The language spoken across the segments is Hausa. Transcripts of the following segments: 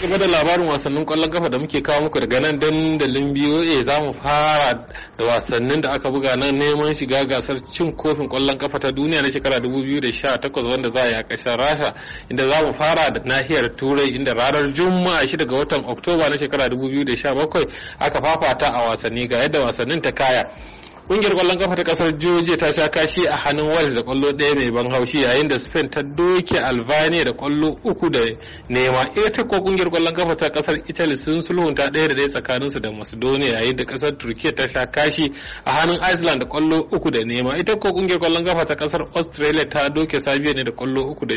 game da labarin wasannin kwallon kafa da muke kawo muku daga nan dandalin BOA za mu fara da wasannin da aka buga nan neman shiga gasar cin kofin kwallon kafa ta duniya na shekara 2018 wanda za a yi a ƙasar Rasha inda za mu fara da nahiyar Turai inda ranar Juma'a 6 ga watan Oktoba na shekara 2017 aka fafata a wasanni ga yadda wasannin ta kaya. Kungiyar kwallon kafa ta kasar Georgia ta sha kashi a hannun Wales da kwallo ɗaya mai ban haushi yayin da Spain ta doke Albania da kwallo uku da nema. Ita ko kungiyar kwallon kafa ta kasar Italy sun sulhunta ɗaya da ɗaya tsakaninsu da Macedonia yayin da kasar Turkiya ta sha kashi a hannun Iceland da kwallo uku da nema. Ita ko kungiyar kwallon kafa ta kasar Australia ta doke Serbia ne da kwallo uku da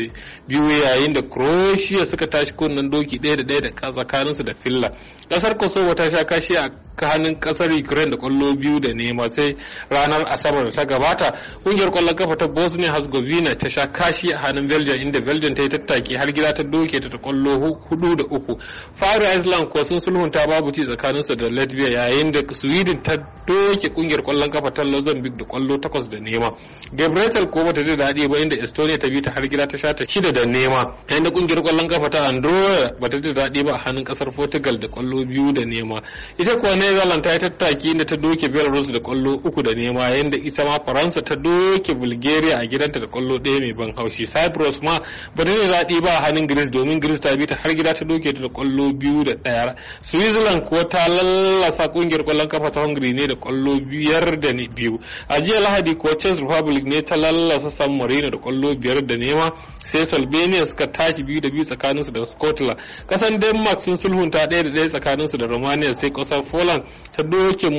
biyu yayin da Croatia suka tashi kunnen doki ɗaya da ɗaya da tsakaninsu da Finland. Kasar Kosovo ta sha kashi a hannun kasar Ukraine da kwallo biyu da nema sai ranar asabar ta gabata kungiyar kwallon kafa ta bosnia herzegovina ta sha kashi a hannun belgium inda belgium ta yi tattaki har gida ta doke ta kwallo hudu da uku faru island ko sun sulhunta babu ci tsakanin su da latvia yayin da sweden ta doke kungiyar kwallon kafa ta luxembourg da kwallo takwas da nema gabriel ko bata da daɗi ba inda estonia ta bi ta har gida ta sha ta shida da nema yayin da kungiyar kwallon kafa ta andorra bata ji daɗi ba a hannun kasar portugal da kwallo biyu da nema ita kuwa netherlands ta yi tattaki inda ta doke belarus da kwallo uku da nema yadda ita ma faransa ta doke bulgaria a gidanta da kwallo ɗaya mai ban haushi cyprus ma ba da ne zaɗi ba hannun greece domin greece ta bi ta har gida ta doke ta da kwallo biyu da ɗaya switzerland kuwa ta lallasa ƙungiyar kwallon kafa ta hungary ne da kwallo biyar da biyu a jiya lahadi kuwa czech republic ne ta lallasa san marino da kwallo biyar da nema sai slovenia suka tashi biyu da biyu tsakaninsu da scotland kasan denmark sun sulhunta ɗaya da ɗaya tsakaninsu da romania sai ƙasar poland ta doke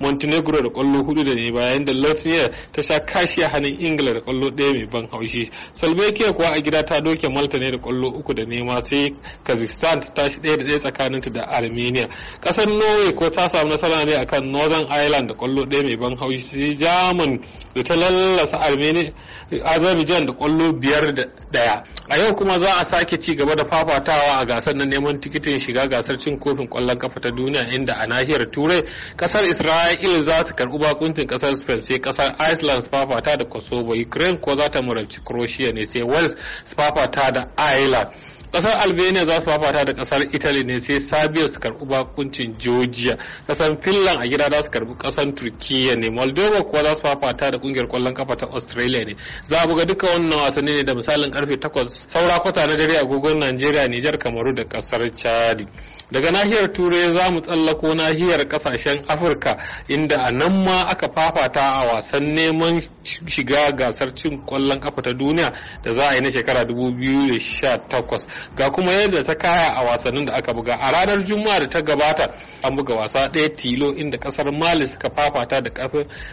montenegro da kwallo kwallo hudu da ne bayan da Lothier ta sha kashi a hannun Ingila da kwallo ɗaya mai ban haushi. Slovakia kuwa a gida ta doke Malta ne da kwallo uku da nema sai Kazakhstan ta tashi ɗaya da ɗaya ta da Armenia. Ƙasar Norway ko ta samu nasara ne akan Northern Ireland da kwallo ɗaya mai ban haushi sai German da ta lallasa Armenia Azerbaijan da kwallo biyar da ɗaya. A yau kuma za a sake ci gaba da fafatawa a gasar na neman tikitin shiga gasar cin kofin kwallon kafa ta duniya inda a nahiyar Turai kasar Isra'il za ta karɓi bakuncin kasar Spain sai kasar Iceland su fafata da Kosovo, Ukraine ko za ta muranci Croatia ne sai Wales su fafata da Ireland. kasar albania za su fafata da kasar italy ne sai serbia su karbi bakuncin georgia kasar finland a gida za su karbi kasar turkiya ne moldova kuwa za su fafata da kungiyar kwallon kafa ta australia ne za a buga duka wannan wasanni ne da misalin karfe 8 saura kwata na dare agogon najeriya niger kamaru da kasar chadi daga nahiyar turai za mu tsallako nahiyar kasashen afirka inda a nan ma aka fafata a wasan neman shiga gasar cin kwallon kafa ta duniya da za a yi na shekara 2018 ga kuma yadda ta kaya a wasannin da aka buga a ranar juma'a da ta gabata an buga wasa ɗaya tilo inda kasar mali suka fafata da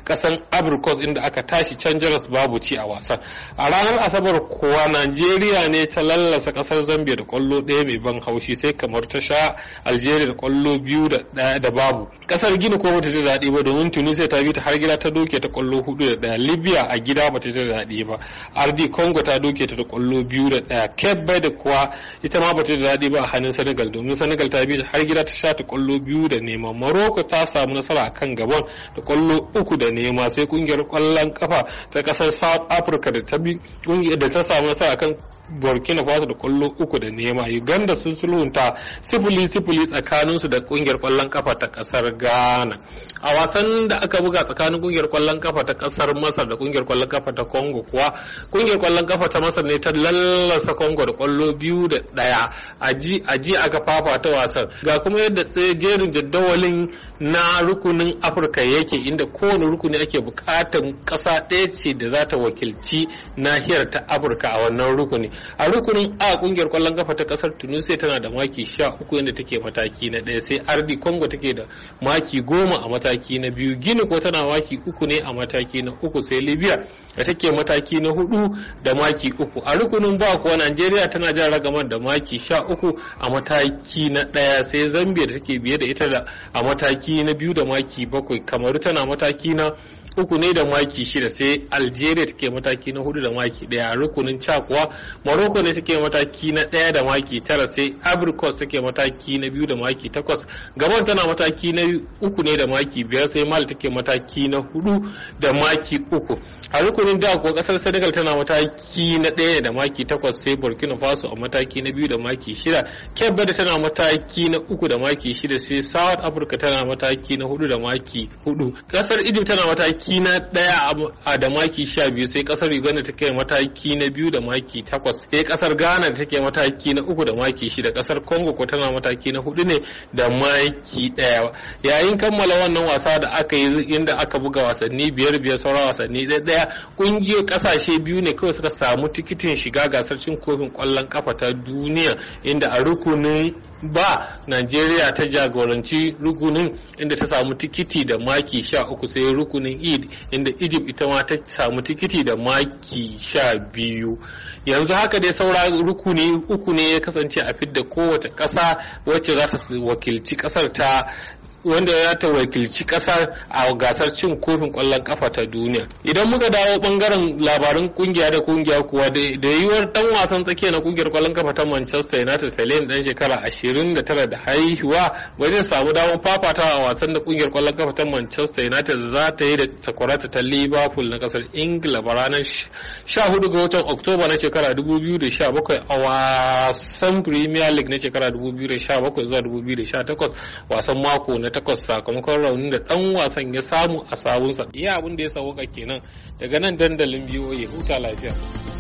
kasar abrikos inda aka tashi can jaras babu ci a wasan a ranar asabar kowa najeriya ne ta lallasa kasar zambia da kwallo ɗaya mai ban haushi sai kamar ta sha algeria da kwallo biyu da da babu kasar gini ko bata ji daɗi ba domin tunisia ta bi ta har gida ta doke ta kwallo hudu da ɗaya libya a gida bata ji daɗi ba ardi congo ta doke ta da kwallo biyu da ɗaya cape verde kuwa ita ma bata ji daɗi ba a hannun senegal domin senegal ta bi ta har gida ta sha ta kwallo biyu da nema morocco ta samu nasara a kan gaban da kwallo uku da nema sai kungiyar kwallon kafa ta kasar south africa da ta da ta samu nasara a kan burkina faso da kwallo uku da nema uganda sun sulhunta sifili sifili tsakaninsu da kungiyar kwallon kafa ta kasar ghana a wasan da aka buga tsakanin kungiyar kwallon kafa ta kasar masar da kungiyar kwallon kafa ta congo kuwa kungiyar kwallon kafa ta masar ne ta lallasa congo da kwallo biyu da daya a ji aka fafa ta wasan ga kuma yadda jerin jadawalin na rukunin afirka yake inda kowane rukuni ake bukatan kasa ɗaya ce da za ta wakilci nahiyar ta afirka a wannan rukuni a rukunin a kungiyar kwallon kafa ta kasar tunisia tana da maki sha uku inda take mataki na ɗaya sai ardi congo take da maki goma a mataki na biyu gini ko tana maki uku ne a mataki na uku sai libya da take mataki na hudu da maki uku a rukunin ba kuwa nigeria tana jan ragamar da maki sha uku a mataki na ɗaya sai zambia da take biye da ita da a mataki na biyu da maki bakwai kamaru tana mataki na uku ne da maki shida sai algeria take mataki na hudu da maki daya a rukunin ca kuwa morocco ne take mataki na daya da maki tara sai abricos take mataki na biyu da maki takwas gabon tana mataki na uku ne da maki biyar sai mali take mataki na hudu da maki uku a rukunin da kuwa kasar senegal tana mataki na daya da maki takwas sai burkina faso a mataki na biyu da maki shida verde tana mataki na uku da maki shida sai south africa tana mataki na hudu da maki hudu kasar egypt tana mataki mataki na daya a da maki sha biyu sai kasar uganda ta kai mataki na biyu da maki takwas sai kasar ghana ta ke mataki na uku da maki shida kasar congo ko tana mataki na hudu ne da maki daya yayin kammala wannan wasa da aka yi inda aka buga wasanni biyar biyar sauran wasanni ɗaya daya kungiyar kasashe biyu ne kawai suka samu tikitin shiga gasar cin kofin kwallon kafa ta duniya inda a rukunin ba najeriya ta jagoranci rukunin inda ta samu tikiti da maki sha uku sai rukunin e Said inda Egypt ita ma ta samu tikiti da maki sha biyu. Yanzu haka dai saura rukuni uku ne ya kasance a fidda kowace ƙasa wacce za ta wakilci ƙasar ta wanda ya ta wakilci kasa a gasar cin kofin kwallon kafa ta duniya idan muka dawo bangaren labarin kungiya da kungiya kuwa da yiwuwar dan wasan tsakiya na kungiyar kwallon kafa ta Manchester United felin dan shekara 29 da haihuwa ba zai samu damar fafatawa a wasan da kungiyar kwallon kafa ta Manchester United za ta yi da sakwarata ta Liverpool na kasar Ingila ba ranar 14 ga watan Oktoba na shekara 2017 a wasan Premier League na shekara 2017 zuwa 2018 wasan mako na takwas sakamakon raunin da dan wasan ya samu a sawunsa iya abin da ya sauka kenan daga nan dandalin ya huta lafiya